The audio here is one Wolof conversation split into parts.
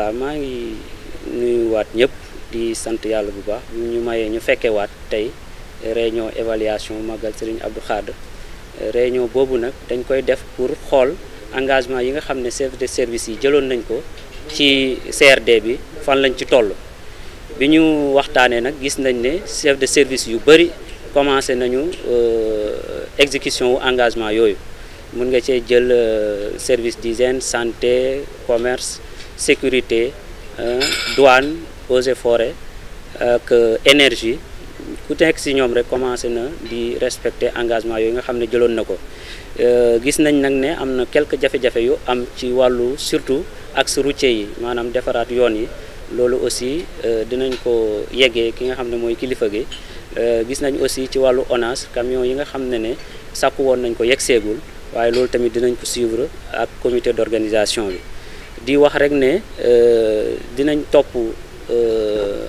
waaw maa ngi nuyuwaat ñëpp di sant yàlla bu baax bu ñu mayee ñu fekkee waat tey réunion évaluation Magal Serigne Abdou Khadre réunion boobu nag dañ koy def pour xool engagement yi nga xam ne chef de service yi jëloon nañ ko ci CRD bi fan lañ ci toll bi ñu waxtaanee nag gis nañ ne chef de service yu bëri commencé nañu euh, exécution wu engagement yooyu mun nga cee jël euh, service d'hygiène santé commerce sécurité douane eaux et forêts ak euh, énergie ku nekk si ñoom rek commencé na di respecter engagement yooyu nga xam ne jëloon na ko euh, gis nañ nag ne am na quelques jafe-jafe yu am ci wàllu surtout axe routier yi maanaam defaraat yoon yi loolu aussi euh, dinañ ko yeggee ki nga xam ne mooy kilifa gi gis nañ aussi ci wàllu ONAS camion yi nga xam ne ne sàkk woon nañ ko yegg seegul waaye loolu tamit dinañ ko suivre ak comité d'organisation bi di wax rek ne euh, dinañ topp euh,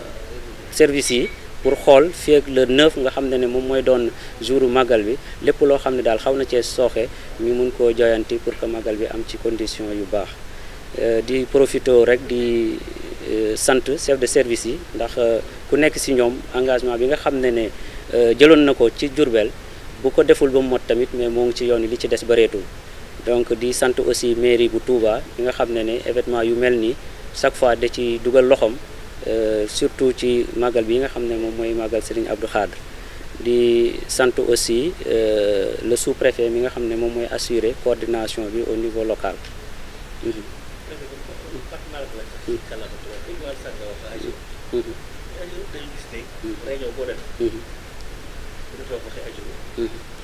service yi pour xool fii ak le 9 nga xam ne ne moom mooy doon jouru màggal bi lépp loo xam ne daal xaw na cee sooxe ñu mun koo joyanti pour que màggal bi am ci condition yu baax euh, di profité rek di sant chef de service yi ndax ku nekk si ñoom engagement bi nga xam ne ne jëloon na ko ci jurbeel bu ko deful ba mu mot tamit mais moo ngi ci yoon li ci des bareetul donc di sant aussi mairie bu Touba bi nga xam ne ne évétement yu mel nii chaque fois da ci dugal loxoom euh, surtout ci màggal bi yi nga xam ne moom mooy màggal Serigne Abdou Khadre di sant aussi euh, le sous-préfet mi nga xam ne moom mooy assurer coordination bi au niveau local. Mhm. Mhm. Mhm.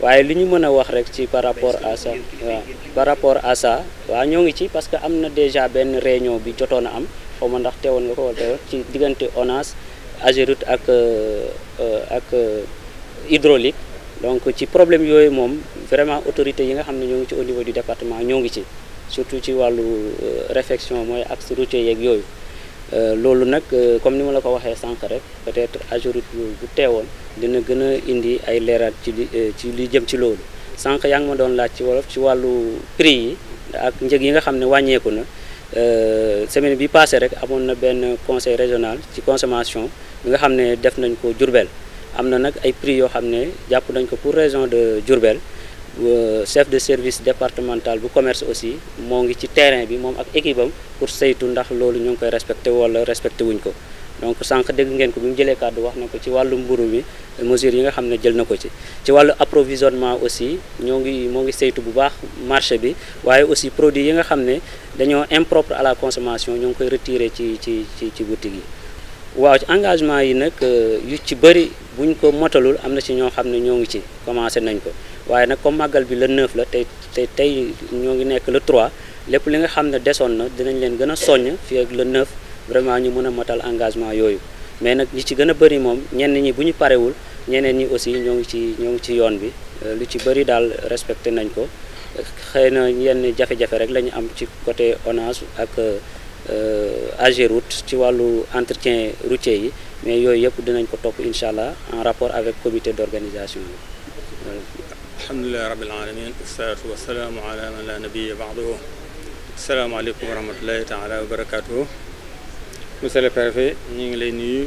waaye li ñu mën a wax rek ci par rapport à ça par rapport à ça waaw ñoo ngi ci parce que am na déjà benn réunion bi jotoon a am xaw ma ndax teewoon nga ko wala teewoon ci diggante ONAS Ageroute ak euh, ak euh, hydraulique donc ci problème yooyu moom vraiment autorité yi nga xam ne ñoo ngi ci au niveau du département ñoo ngi ci surtout ci wàllu euh, réfection mooy axe routier yeeg yooyu Euh, loolu nag euh, comme ni ma la ko waxee sànq rek peut-être ajorit bu teewoon dina gën a indi ay leeraat ci li euh, ci li jëm ci loolu sànq yaa ngi ma doon laaj ci wolof ci wàllu prix yi ak njëg yi nga xam ne wàññeeku na semaine bi passé rek amoon na benn conseil régional ci consommation bi nga xam ne def nañ ko Diourbel am na nag ay prix yoo xam ne jàpp nañ ko pour région de Diourbel Euh, chef de service départemental bu commerce aussi moo ngi ci terrain bi moom ak équipe pour saytu ndax loolu ñu ngi koy respecté wala respecté wuñ ko donc sànq dégg ngeen ko bi mu jëlee kàddu wax na ko ci wàllu mburu mi mesures yi nga xam ne jël na ko ci ci wàllu approvisionnement aussi ñoo ngi moo ngi saytu bu baax marché bi waaye aussi produits yi nga xam ne dañoo impropre à la consommation ñoo ngi koy retiré ci ci ci ci boutique yi waaw ci engagement yi nag euh, yu ci bëri buñ ko motalul am na ci ñoo xam ne ñoo ngi ci commencé nañ ko waaye nag comme màggal bi le 9 la tey tey tey ñoo ngi nekk le trois lépp li nga xam ne desoon na dinañ leen gën a soññ fii ak le 9 vraiment ñu mën a matal engagement yooyu mais nag ñi ci gën a bëri moom ñenn ñi bu ñu parewul ñeneen ñi aussi ñoo ngi ci ñoo ngi ci yoon bi euh, lu ci bëri daal respecté nañ ko xëy na yenn jafe-jafe rek lañu am ci côté ONAS ak euh, AGEROUTE ci wàllu entretien routier yi mais yooyu yëpp dinañ ko topp incha allah en rapport avec comité d'organisation yi alhamdulilahi rabbil alamin wasalaatu wasalaamu ala man la nabiya ba'dahu asalaamaaleykum wa rahmatullahi taala wa barakatuhu monsieur le préfet ñu ngi lay nuyu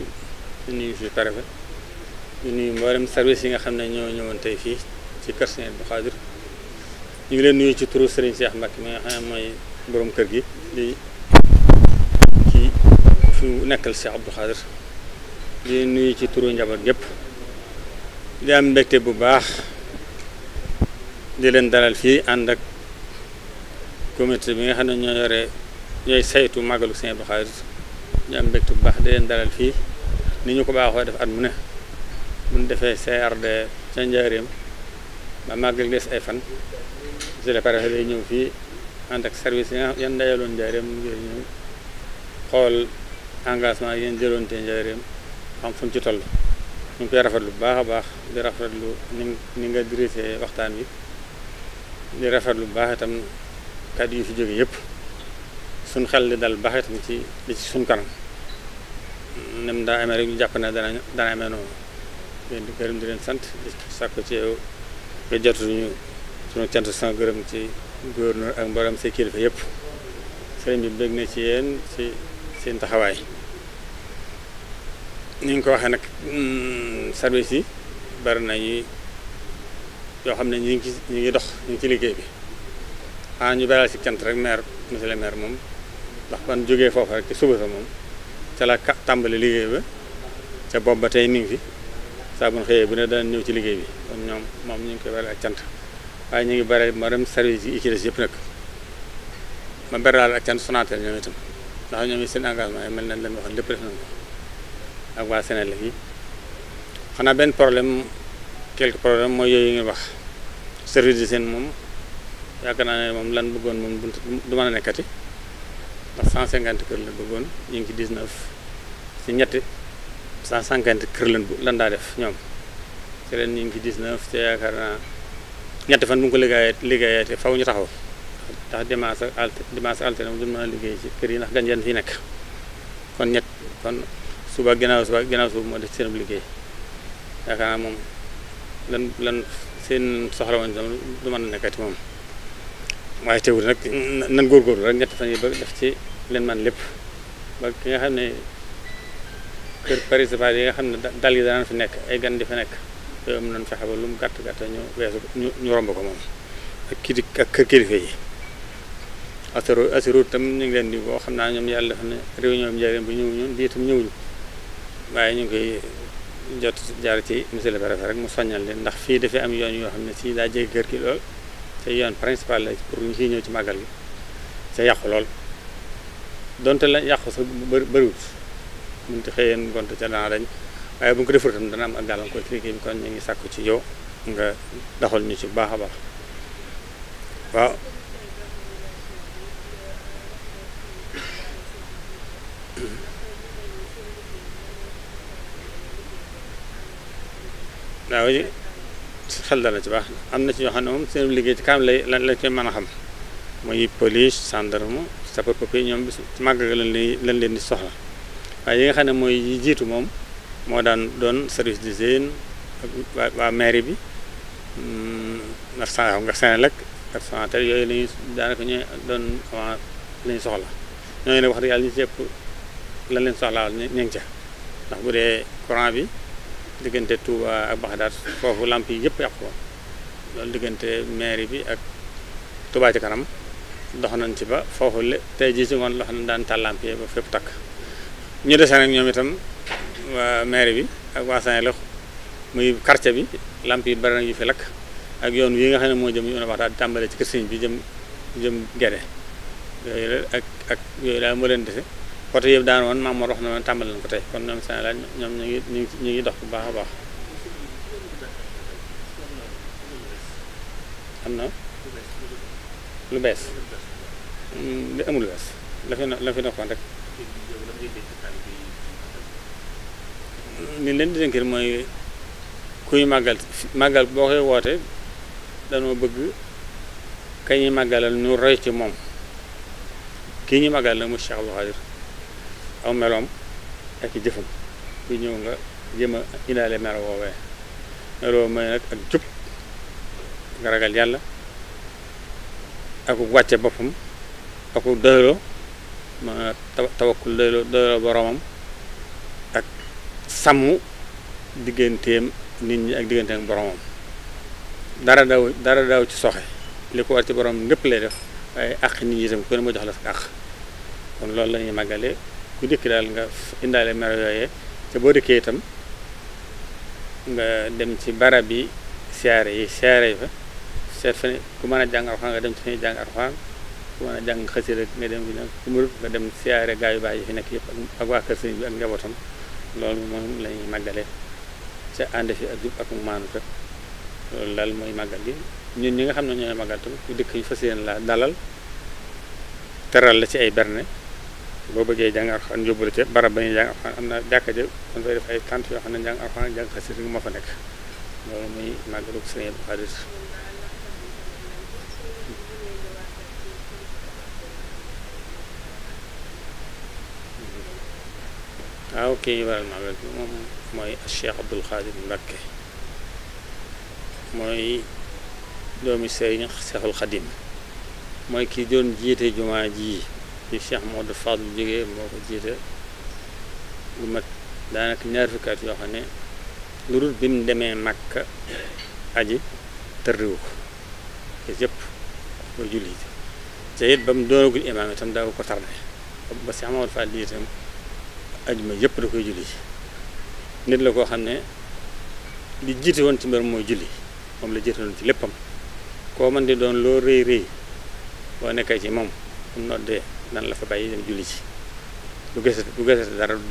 ñu nuyu fi préfet ñu nuyu mboolem service yi nga xam ne ñoo ñëwoon tey fii ci kër Sëriñ Abdou ngi leen nuyu ci turu Serigne Cheikh Mbacke mi nga xam mooy borom kër gi di ci fi nekkal Cheikh Abdou Khadre nuyu ci turu njaboot gépp di bu baax di leen dalal fii ànd ak comité bi nga xam ne ñoo yore ñooy saytu màggalu Sëñ Abdou Khadr ñu am mbégte bu baax di leen dalal fii ni ñu ko baaxoo def at mu ne buñ defee CRD ca Njaaréem ba màggal des ay fan monsieur le préfet ñëw fii ànd ak service yi nga yan dajaloon Njaaréem ngir ñëw xool engagement yéen jëloonte Njaaréem xam fu mu ci toll ñu koy rafetlu lu baax a baax di rafetlu ni ni nga dirigé waxtaan wi di rafet lu baax itam kàddu yu fi jóge yëpp suñ xel di dal baax itam ci li ci suñ kanam nem daa amee rek ñu jàpp na dana dana amee noonu leen gërëm di leen sant di sàkku ci yow nga jotuñu sunu cant san gërëm ci gouverneur ak mboolem say kilifa yëpp seen bi bég na ci yéen ci seen taxawaay ni nga ko waxee nag mm, service yi bari na yi yoo xam ne ñu ngi ñu ngi dox ñu ngi ci liggéey bi xanaa ñu beral si cant rek maire monsieur le maire moom ndax ban jógee foofu rek ci suba sa moom ca la tàmbali liggéey ba ca boobu ba tey mi ngi fi saa xëyee bu ne dana ñëw ci liggéey bi moom ñu ngi koy beral cant waaye ñu ngi beral ma dem service yi ci des ma beral ak cant Sonatel ñoom itam ndax ñoom it seen engagement yi mel nañ leen waxoon lépp def nañ ko ak waa Sénégal yi xanaa benn problème quelques problèmes mooy yooyu ngeen wax service de seen moom yaakaar naa ne moom lan bëggoon moom du mën a nekkati ndax 150 kër bëggoon ñu ngi ci 19 ci ñetti 150 kër lan bu lan daa def ñoom ci leen ñu ngi ci 19 te yaakaar naa ñetti fan bu ñu ko liggéeyee liggéeyee te faw ñu taxaw ndax dimanche ak alt dimanche altine mu mën a liggéey ci kër yi ndax gan yan fi nekk kon ñett kon suba ginnaaw suba ginnaaw suba moo def seen liggéey yaakaar naa moom lan lan seen soxla woon lu man a nekkati moom waaye teewul nag nan góor rek ñetti fan yi ba def ci leen man lépp ba ki nga xam ne kër principal yi nga xam ne dal yi fi nekk ay gan di fa nekk yooyu am nañ fexe ba lu mu gàtt gàtt ñu weesu ñu romb ko moom ak kii di ak kër kilifa yi asuro asuro tam ñu ngi leen di boo xam naa ñoom yàlla dafa ne réunion bi bu ñëw ñun bii itam ñëwuñu waaye ñu ngi koy jot jaar ci monsieur le préfet rek mu soññal leen ndax fii dafay am yoon yoo xam ne si daa jege kër gi lool te yoon principal la pour ñu siy ñëw ci màggal gi ca yàqu lool donte la yàqu sax bëri bëriwut mun ti xëyeen gont ca dana dañ waaye bu ñu ko defar tam dana am ak gàllankoor ci liggéey bi kon ñu ngi sàkku ci yow nga doxal ñu ci bu baax a baax waaw daaw yi xel dana ci baax am na ci ñoo xam ne moom seen liggéey ci kaam lay lañ koy man a xam muy police gendarme sapeurs-pompiers ñoom bi ci màgg lañ leen leen di soxla waaye yi nga xam ne mooy yi jiitu moom moo daan doon service d'hygiène waa waa mairie bi hmm, ndax saa nga Senelec ak Sonatel yooyu la ñuy doon la ñuy soxla ñooñu nag wax dëgg yàlla lan leen soxlaa ñu ngi ca ndax bu dee courant bi. diggante Touba ak Baxdaat foofu lamp yi yëpp yàqu loolu diggante mairie bi ak Touba ci kanam dox nañ ci ba foofu le te jii ci ngoon dox nañ daan taal ba fépp takk ñu dese nag ñoom itam waa bi ak waa Saint-Lox muy quartier bi lamp yi bari na fi lakk ak yoon wi nga xam ne moo jëm yoon Baxdaat tàmbale ci kër sëñ bi jëm jëm Gede yooyu la ak yooyu daal moo leen dese. côté yëpp daan woon maam moo wax na tàmbali nañ ko tey kon ñoom seen ñoom ñu ngi ñu ngi dox bu baax a baax am na lu bees mm, amul lu bees la fi la rek ni leen di dénkir mooy kuy màggal màggal boo koy woote danoo bëgg ka ñuy màggalal ñu roy ci moom kii ñuy màggal la mu Cheikh Abdou Khadir aw meloom ak i jëfam ku ñëw nga jéem a indaale melo woowee meloo mooy nag ak jub nga ragal yàlla aku wàcce boppam aku doyloo ma tawakkul doyloo doyloo boromam ak sàmm digganteem nit ñi ak digganteem boromam dara daw dara daw ci soxe li ko war ci borom lépp lay def waaye àq nit ñi itam ku ne ma jox la sa àq kon loolu la ñuy màggale ku dikk daal nga indaale melo yooyee boo dikkee itam nga dem ci barab yi siyaare yi siyaare yi fa seet fa ku mën a jàng alxuraan nga dem ci fi ñuy jàng alxuraan ku mën a jàng xasida nga dem fi nag ku dem siyaare gaa yu baax yi fi nekk yëpp ak waa kër sëñ bi ak njabootam loolu moom la ñuy màggale ca ànd fi ak jub ak maanuta loolu daal mooy màggal gi ñun ñi nga xam ne ñooy màggal tam ku dikk yi fas yéene la dalal teral la ci ay berne boo bëggee jàng alxuraan yóbbu la barab ba ñuy jàng alxuraan am na jàkka ja dañ fay def ay tant yoo xam ne jàng alxuraan jàng xasida moo fa nekk loolu muy màggalu Sëriñ Abdou Khadre waaw kii waral màggal bi moom mooy Cheikh Abdou Khadre Mbacké mooy doomi Seexul Xadim mooy kii doon jiite jumaa jii bi Cheikh Modou Fadl jógee moo ko jiite lu mat daanaka ñaar fukki yoo xam ne lu dul bi mu demee Makka aji tërriwu ko te yëpp mooy jullit te it ba mu doonagul imaam itam daa ko tarde ba Cheikh Modou Fadl itam ajuma yëpp da koy julli koo xam ne li jiite woon ci mbir mooy julli moom la jiite ci léppam koo man di doon loo rëy rëy boo nekkee ci moom mu noddee nan la fa bàyyi dem julli ci du gëstu du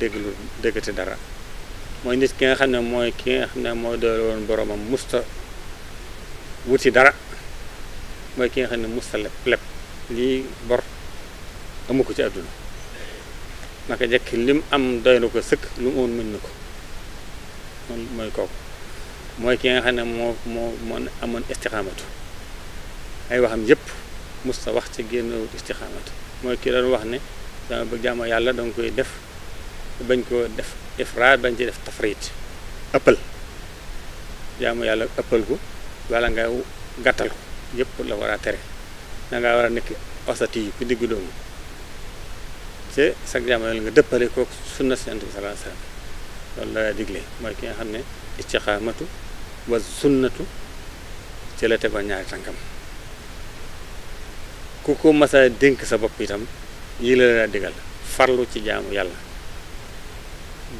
dégg lu dara mooy nit ki xam ne mooy ki xam ne mooy doole woon boromam musta wuti dara mooy ki ne musta leb leb bor amu ko ci àdduna naka lim am doy ko sëkk lu mu woon mën na ko moom mooy kooku mooy ki nga xam ne moo moo moo amoon istixaamatu ay waxam yëpp musta wax ci génn istixaamatu mooy ki doon wax ne dama bëgg yàlla danga koy def bañ ko def ifraat bañ ci def tafrit ëppal jaamu yàlla ëppal ko wala nga gàttal ko yëpp la war a tere danga ngaa war a nekk osati yi ku diggu doomu te sag jaamu yàlla nga dëppale ko sunna si Yonent bi sallallahu la digle mooy ki nga xam ne istiqaamatu wa sunnatu ci la tegoon ñaari tànkam ku ko mas dénk sa bopp itam yii la la digal farlu ci jaamu yàlla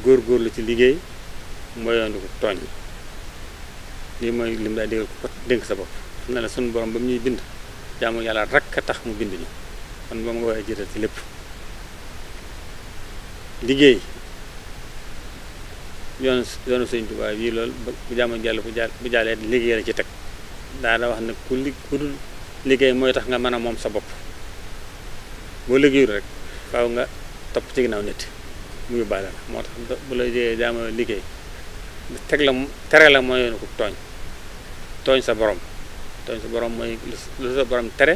góorgóorlu ci liggéey moyoon ko tooñ lii mooy lim daa digal ku ko dénk sa bopp xam na la sunu borom ba mu ñuy bind jaamu yàlla tax mu bind ñu nga war jiital ci lépp liggéey yoon yoonu sëñ Tuubaa yi loolu bu jaamu yàlla bu jàll liggéey la ci teg daa da wax ne ku li ku dul liggéey mooy tax nga mën a moom sa bopp boo liggéeyul rek faaw nga topp ci ginnaaw nit mu yóbbaale la moo tax bu la jëyee jaama liggéey teg la tere la mooy yoonu tooñ sa boroom tooñ sa borom mooy lu sa borom tere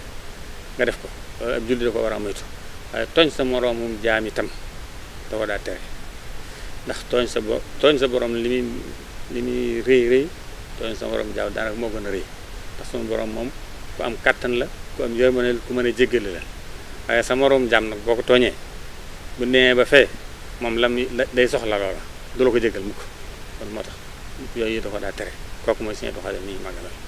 nga def ko loolu ab julli da ko war a moytu waaye tooñ sa moroomum jaamitam itam da ko daa tere ndax tooñ sa bo tooñ sa borom li muy li muy rëy rëy tooñ sa borom jaaw daanaka moo gën a rëy ndax suñu borom moom ku am kàttan la ku am yërmande la ku mën a jéggale la waaye sa moroom jàmm nag boo ko tooñee bu nee ba fee moom la day soxla loola du la ko jéggal mukk kon moo tax yooyu da ko daa tere kooku mooy suñu doxalin nii la